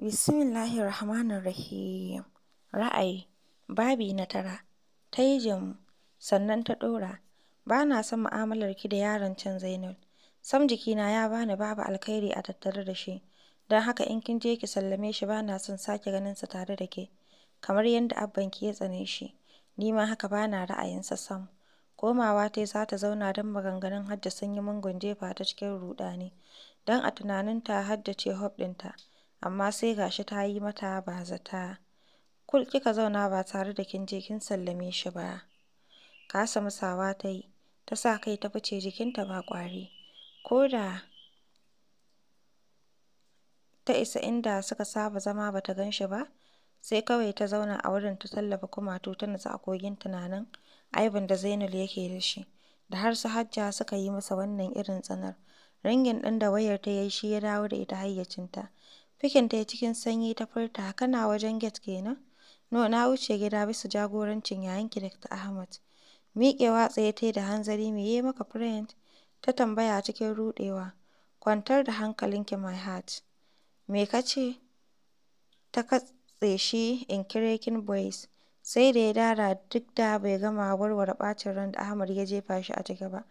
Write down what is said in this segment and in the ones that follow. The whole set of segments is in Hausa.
Rahim. Ra'ayi, babi na tara. ta yi jin sannan ta ɗora, "Ba na son ki da yaron can Zainul. Sam jikina ya bani babu alkhairi a tattare da shi, don haka in kin je ki sallame shi ba na son sake sa tare da ke, kamar yadda Abban ki ya tsane shi, ni ma haka ba na ra'ayinsa sam." Komawa ta yi za ta zauna don maganganun Hajja sun yi mungun jefa ta cikin ruɗani, don a tunanin ta Hajja ce hope ɗinta. amma sai ga shi ta yi mata ba ta Kul kika zauna ba tare da kin je kin sallame shi ba. Kasa musawa ta yi, ta sa kai ta fice jikinta ba ƙwari. Ko da ta isa inda suka saba zama ba ta gan shi ba, sai kawai ta zauna a wurin ta tallafa kumatu ta nutsu a kogin tunanin aibin da Zainul yake da shi, da har su Hajja suka yi masa wannan irin tsanar. Ringin ɗin da wayar ta yi shi ya dawo da ita hayyacinta. Fikin ta yi cikin sanyi ta furta: "Kana wajen gate kenan No, na wuce gida bisa jagorancin yayanki Dr. ahmad Miƙewa tsaye ta da hanzari. "Me ya maka friend?" ta tambaya cikin ruɗewa. "Kwantar da hankalinki my heart." "Me ka ce?" ta katse shi in kirekin Boys, sai da ya dara duk da bai gama warware ɓacin ran da ahmad ya jefa shi a ciki ba.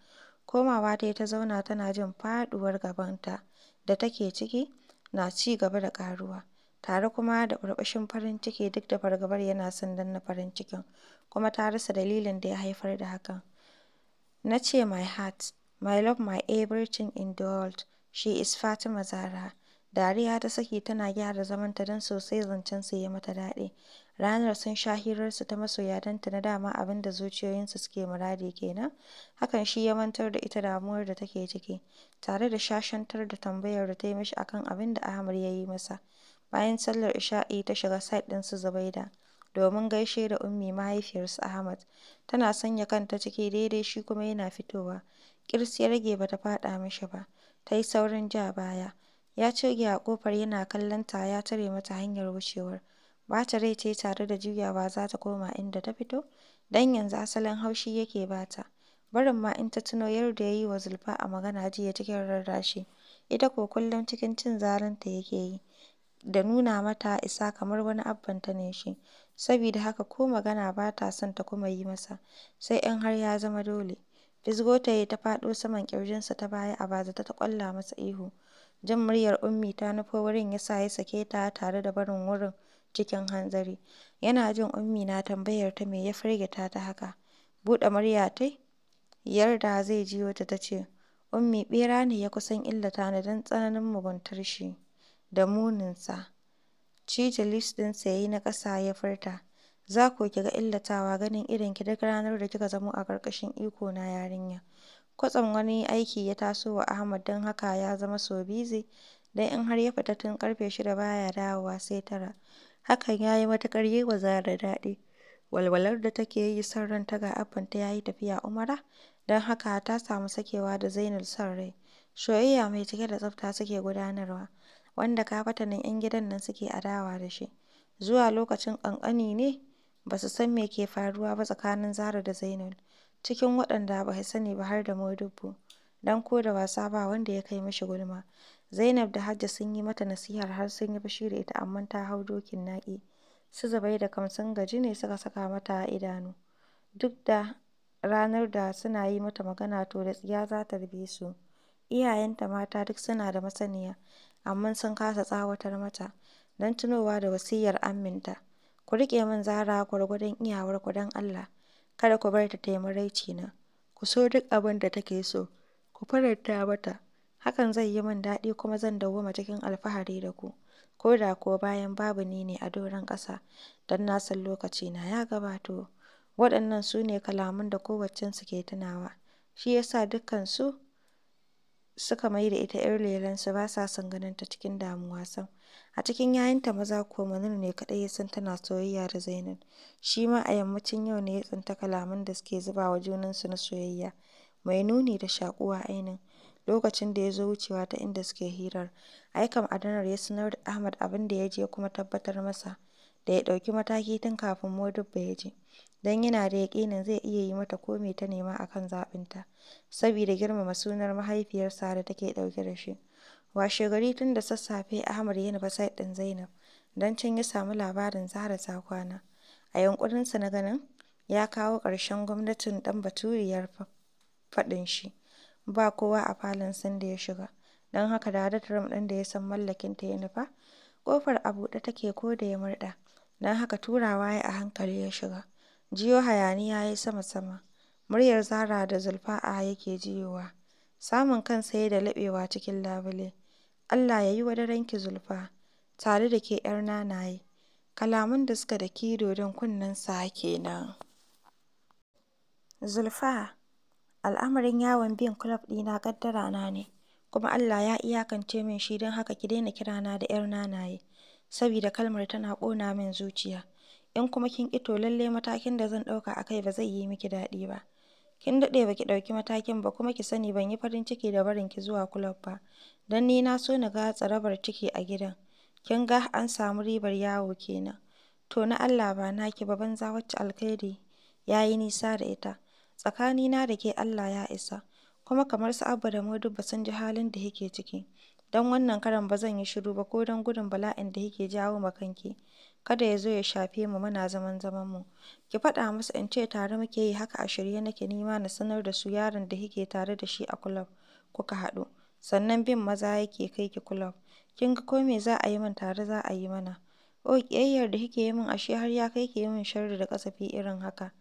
Komawa ta ta zauna tana jin faɗuwar gabanta da take ciki. na ci gaba da ƙaruwa, tare kuma da burbushin farin ciki duk da fargabar yana son danna farin cikin kuma ta rasa dalilin da ya haifar da hakan, na ce "My heart, my love, my everything in the world, she is Fatima Zahra," dariya ta saki tana gyara zamanta don sosai zancen su yi mata daɗi. Ranar sun sha hirarsu ta masoya don na dama abin da zuciyoyinsu suke muradi kenan. hakan shi ya mantar da ita damuwar da take ciki, tare da shashantar da tambayar da ta yi mishi akan abin da Ahmad ya yi masa. Bayan sallar isha'i ta shiga site ɗin su Zubaida domin gaishe da Ummi mahaifiyarsu Ahmad, tana sanya kanta ciki daidai shi kuma yana fitowa, ƙirs ya rage bata ta faɗa mishi ba, ta yi saurin ja baya. Ya ce a ƙofar yana kallon ta ya tare mata hanyar wucewar. bata rai ce tare da juyawa za ta koma inda ta fito, don yanzu asalin haushi yake bata barin ma in ta tuno yadda ya yi wa zulfa a magana jiya cikin rarrashi, ita ko kullum cikin cin zarinta yake yi, da nuna mata isa kamar wani abbanta ne shi, sabida haka ko magana ba ta son ta kuma yi masa, sai in har ya zama dole. Fizgo ta yi ta faɗo saman ƙirjinsa ta baya a baza ta kwalla masa ihu, jin muryar Ummi ta nufo wurin ya sa ya sake ta tare da barin wurin. cikin hanzari, yana jin Ummi na tambayar ta me ya firgita ta haka, buɗe murya tai, yarda zai jiyo ta ta Ummi ɓera ne ya kusan illata ni don tsananin muguntar shi da muninsa. Cije lips ɗinsa ya yi na ƙasa ya furta, za ko ki ga illatawa ganin irin ki duk ranar da kika zamo a ƙarƙashin na yarinya. Kwatsam wani aiki ya taso wa Ahmad dan haka ya zama so busy, don in har ya fita tun ƙarfe shida baya dawowa sai tara. Hakan ya yi matuƙar yi wa Zara daɗi. Walwalar da take yi son ranta ga ta ya yi tafiya Umara, don haka ta samu sakewa da Zainul son rai. Soyayya mai cike da tsafta suke gudanarwa, wanda kafatanin 'yan gidan nan suke adawa da shi. Zuwa lokacin ƙanƙani ne ba su san me ke faruwa ba tsakanin Zara da Zainul, cikin waɗanda ba su sani ba har da Modibbo, don ko da wasa ba wanda ya kai mashi gulma. Zainab da hajji sun yi mata nasihar har sun yi bashi da ita amma ta hau dokin naƙi. Su Zubaida kam sun gaji ne suka saka mata a idanu. Duk da ranar da suna yi mata magana to da tsiya za ta rube su. Iyayenta mata duk suna da masaniya, amma sun kasa tsawatar mata, don tunowa da wasiyar amminta. Ku riƙe min Zahra gwargwadon iyawarku don Allah, kada ku bar ta taimaraici na Ku so duk abin da take so, ku faranta mata. Hakan zai yi min daɗi kuma zan dawwama cikin alfahari da ku, ko da ko bayan babu ni ne a doron ƙasa, don na san na ya gabato. Waɗannan su ne kalaman da su ke tunawa, shi ya sa dukkansu suka mai da ita ‘yar lelensu ba sa son ta cikin damuwa sam. A cikin ‘ya'yanta maza ko manin ne kaɗai ya san tana soyayya da Zainab, shi ma a yammacin yau ne ya tsinta kalaman da suke zuba wa junansu na soyayya, mai nuni da shaƙuwa ainin. lokacin da ya zo wucewa ta inda suke hirar, Aikam Adanar ya sanar da Ahmad abin da ya je kuma tabbatar masa da ya ɗauki mataki tun kafin modubba ya je, don yana da yaƙinin zai iya yi mata ko me ta nema a kan zaɓinta, saboda girmama sunar mahaifiyarsa da take ɗauke da shi. Washe, gari tun da sassafe Ahmad yana ba sai ɗin Zainab, don can ya samu labarin Zahra ta kwana. A yankunansa na ganin ya kawo ƙarshen gwamnatin ɗan Baturiyar faɗin shi. Ba kowa a falon sanda ya shiga, don haka da Darekta Ram ɗin da ya san mallakinta ya nufa, ƙofar a buɗe take ko da ya murɗa, don haka turawa ya a hankali ya shiga. Jiyo hayaniya ya yi sama-sama, muryar Zara da zulfa a yake jiyowa, samun kan ya da laɓewa cikin labule, Allah ya yi wa ki Zulfa, tare da ke 'yar nanaye, kalaman da suka daki dodon kunnensa sa kenan Zulfa. Al'amarin yawon biyan kulob ɗina ƙaddara na ne, kuma Allah ya iyakance min shi don haka ki daina kira na da 'yar nanaye, saboda kalmar tana kona min zuciya, in kuma kin ƙi to lallai matakin da zan ɗauka a kai ba zai yi miki daɗi ba, kin daɗe ba ki ɗauki matakin ba kuma ki sani ban yi farin ciki da barin ki zuwa kulob ba, don ni na so na ga tsarabar ciki a gidan, kin ga an samu ribar yawo kenan. to na Allah ba naki ba banza wacce alkhairi ya yi nisa da ita. Tsakanina da ke Allah ya isa, kuma kamar su Abba da ba sun ji halin da yake ciki, don wannan karan ba zan yi shiru ba ko don gudun bala'in da yake jawo ma kanki, kada ya zo ya shafe mu muna zaman zaman mu ki faɗa musu in ce tare muke yi haka a shirye nake nima na sanar da su yaron da yake tare da shi a kulob kuka haɗu, sannan bin maza yake kai ki kulob, kin ga ko me za a yi min tare za a yi mana, o oh, ƙiyayyar da kike yi min ashe har ya kai ki yi min sharri da kasafi irin haka.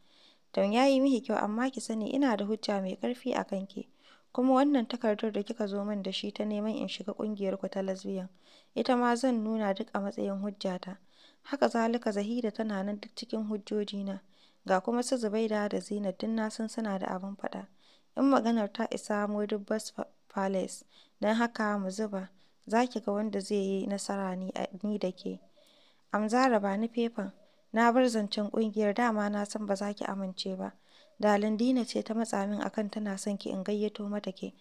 don ya yi miki kyau amma ki sani ina da hujja mai ƙarfi a kanki, kuma wannan takardar da kika zo min da shi ta neman in shiga ƙungiyarku ta Lesbian, ita ma zan nuna duk a matsayin hujjata. Haka zalika Zahida tana nan duk cikin hujjojina, ga kuma su Zubaida da Zinat duk na san suna da abin faɗa. In maganar ta isa Modibbo Palace, don haka mu zuba, za ki ga wanda zai yi nasara ni da ke. Amzara ba ni fefan. Na bar zancen ƙungiyar, dama na san ba za ki amince ba. Dalindina ce ta matsa min akan tana son ki in gayyato mata ke,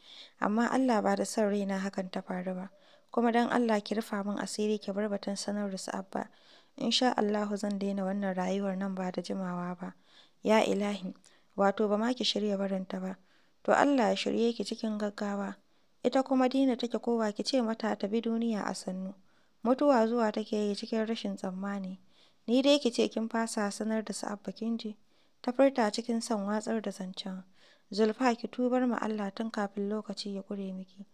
amma Allah ba da son raina hakan ta faru ba. Kuma dan Allah ki rufa min asiri ki bar batun sanar da su Abba. In sha Allahu zan daina wannan rayuwar nan ba da jimawa ba. Ya ilahi, wato ba ma ki shirya barinta ba. To Allah ya shirye ki cikin gaggawa. Ita kuma Dina take kowa ki ce mata ta bi duniya a sannu. Mutuwa zuwa take yi cikin rashin tsammani. Ni dai ki ce kin fasa sanar da su Abba kin ta furta cikin son watsar da zancen. Zulfa ki tubar ma Allah tun kafin lokaci ya kure miki.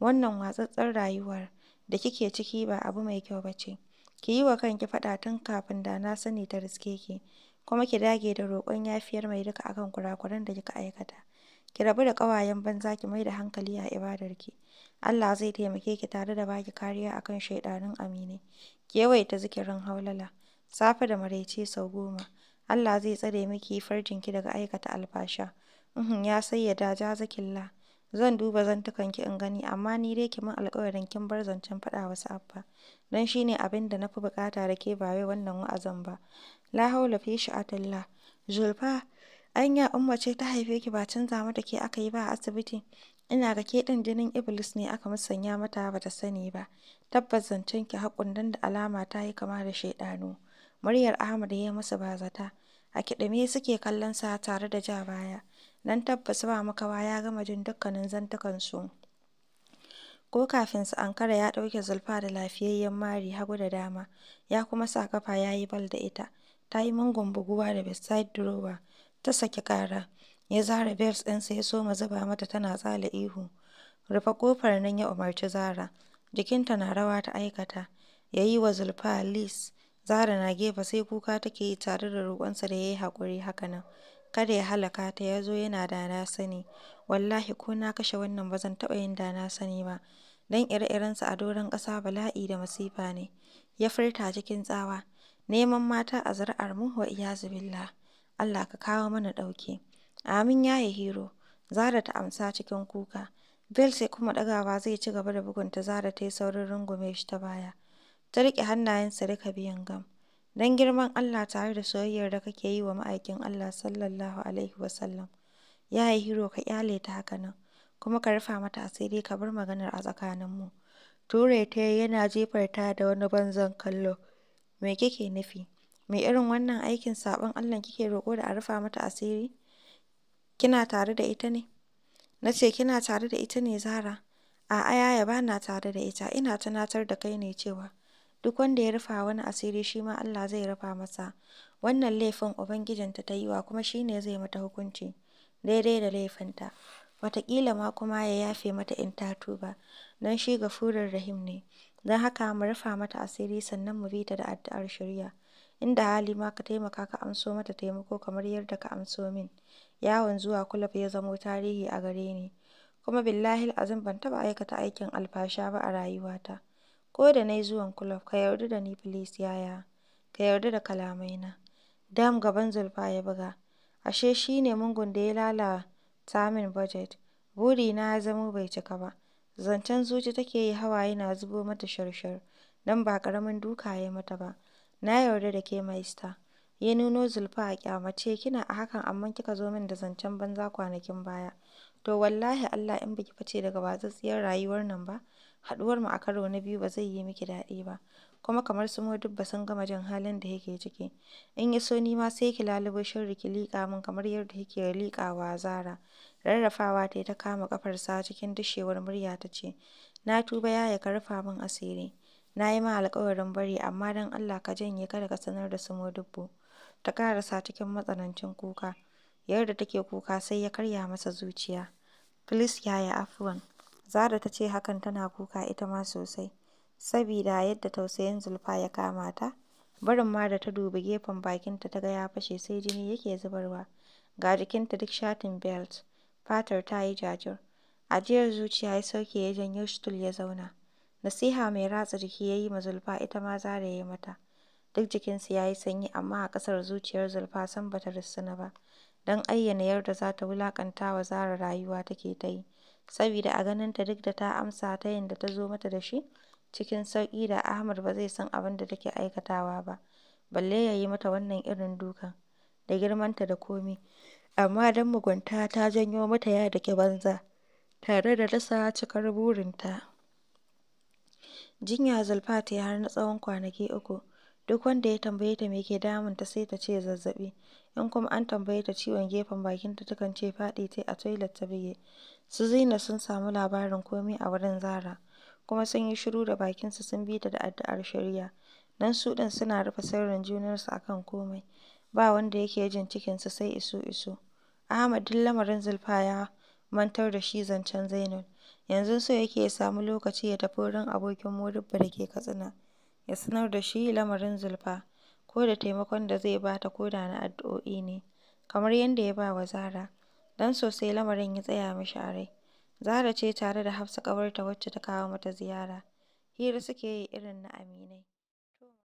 Wannan watsatstsar rayuwar da kike ciki ba abu mai kyau ba ce. Ki yi wa kanki faɗa tun kafin da na sani ta riske ki, kuma ki dage da roƙon yafiyar mai duka akan kurakuran da kika aikata. Ki rabu da ƙawayen banza ki mai da hankali a ibadarki. Allah zai taimake ki tare da baki kariya akan shaidanin aminai. Ki yawaita zikirin haulala. safe da maraice sau goma, Allah zai tsare miki farjin ki daga aikata alfasha, Uhun ya sayyada zakilla zan duba zantukanki in gani amma ni dai ki min alƙawarin kin bar zancen faɗa wa su Abba, don shi abin da na fi buƙata da ke bawe wannan wa'azin ba, la haula fi sha'atillah, Zulfa anya Umma ce ta haife ki ba canza mata ke aka yi ba a asibiti, ina ga ke ɗin jinin Iblis ne aka musanya mata bata sani ba, tabbas zancen ki haƙun da alama ta yi kama da shaidanu. Muryar Ahmad ya yi musu bazata, a kiɗime suke kallon sa tare da ja baya, don tabbas ba makawa ya gama jin dukkanin su. ko kafin su ankara ya ɗauke Zulfa da lafiyayyen mari hagu da dama, ya kuma sa ƙafa ya yi bal da ita, ta yi mungun buguwa da bedside drawer, ta saki ƙara, ya zara bears ɗinsa ya soma zuba mata tana tsala ihu, "Rufe kofar nan!" ya umarci Zara, jikinta na rawa ta aikata, ya yi wa Zulfa leash zara na gefe sai kuka take yi tare da roƙonsa da ya yi haƙuri haka nan, kada ya halaka ta ya zo yana da na sani, wallahi ko na kashe wannan ba zan taɓa yin da na sani ba, dan ire irensa a doron ƙasa bala'i da masifa ne, ya furta cikin tsawa, neman mata a mu wa zubilla Allah ka kawo mana ɗauke. amin ya yi Hero, zara ta amsa cikin kuka, Bel sai kuma ɗagawa zai ci gaba da bugunta zara ta yi saurin rungume shi ta baya. Ta riƙe hannayensa duka biyan gam. Don girman Allah tare da soyayyar da kake yi wa ma'aikin Allah sallallahu alaihi wasallam, ya ka kyale ta haka nan, kuma ka rufa mata asiri ka bar maganar a tsakaninmu. Ture ta yi yana jefar ta da wani banzan kallo. Me kike nufi? Me irin wannan aikin saɓon allah kike roƙo da a rufa mata asiri? Kina tare da ita ne? Na ce kina tare da ita ne zara. A'a yaya ba na tare da ita, ina tunatar da kai ne cewa Duk wanda ya rufa wani asiri shi ma Allah zai rufa masa, wannan laifin Ubangijinta ta yi wa kuma shi ne zai mata hukunci daidai da laifinta, wataƙila ma kuma ya yafe mata in ta tuba, don shi gafurin Rahim ne, don haka mu rufa mata asiri sannan mu bi ta da addu'ar shiriya, inda hali ma ka taimaka ka amso mata taimako kamar yadda ka amso min, yawon zuwa kulob ya zamo tarihi a gare ni, kuma billahi'l-azim ban taɓa aikata aikin alfasha ba a rayuwata. Ko da na yi zuwan kulob, ka yarda da ni filis yaya, ka yarda da kalamai na. Dam gaban Zulfa ya buga, ashe shi ne mungun da ya lalata min bajet. na ya zama bai cika ba. Zancen zuci take yi hawa yana zubo mata sharshar shar don ba ƙaramin duka ya mata ba. Na yarda da ke maista ya nuno Zulfa a kyamace kina a hakan amma kika zo min da zancen banza kwanakin baya. To wallahi Allah in biki fice daga watsatsiyar rayuwar nan ba. mu a karo na biyu ba zai yi miki daɗi ba, kuma kamar su dubba sun gama jin halin da yake ciki, in ya so ni ma sai ki lalubo shin ki liƙa min kamar yadda kike liƙa wa Zara. Rarrafawa ta yi ta kama kafar sa cikin dushewar murya ta ce, Na tuba yaya ka rufa min asiri, na yi ma alƙawarin bari amma dan Allah ka janye kada ka sanar da su Modibbo. Ta karasa cikin matsanancin kuka, yadda take kuka sai ya karya masa zuciya. Please yaya afuwan. Zara ta ce hakan tana kuka ita ma sosai, sabida yadda tausayin Zulfa ya kama ta, barin ma da ta dubi gefen bakinta ta ga ya fashe sai jini yake zubarwa, ga jikinta duk shatin belt, fatar ta yi jajir. Ajiyar zuciya ya sauke ya janyo shitul ya zauna. Nasiha mai ratsa jiki ya yi ma Zulfa ita ma Zara ya yi mata. Duk jikinsu ya yi sanyi amma a ƙasar zuciyar Zulfa sam bata ta ba, don ayyana yarda za ta wulaƙanta wa Zara rayuwa take ta yi. saboda a ganin ta duk da ta amsa tayin da ta zo mata da shi cikin sauki da Ahmad ba zai san abin da take aikatawa ba, balle ya yi mata wannan irin dukan, da girmanta da komi. amma don mugunta ta janyo mata ya dake banza, tare da rasa cikar burinta. Jinya Zulfa ta yi har na tsawon kwanaki uku, duk wanda ya tambaye ta me ke ta sai ta ce zazzabi in kuma an tambaye ta ciwon gefen bakinta takan ce faɗi tai a toilet ta bige. Su zina sun samu labarin komai a wurin Zara, kuma sun yi shiru da bakinsu sun bi ta da addu'ar shari'a, don su ɗin suna rufe sirrin junansu a kan komai. ba wanda yake jin cikinsu sai isu-isu, Ahmad duk lamarin Zulfa ya mantar da shi zancen Zainab, yanzu so yake ya samu lokaci ya tafi wurin abokin Murabba da ke Katsina, ya sanar da shi lamarin Zulfa, ko da taimakon da zai bata ta ko da na addu'o'i ne, kamar yadda ya ba wa Zara. don sosai lamarin ya tsaya mishi a rai. Zahra ce tare da Hafsa ƙawarta wacce ta kawo mata ziyara, hira suke yi irin na aminai.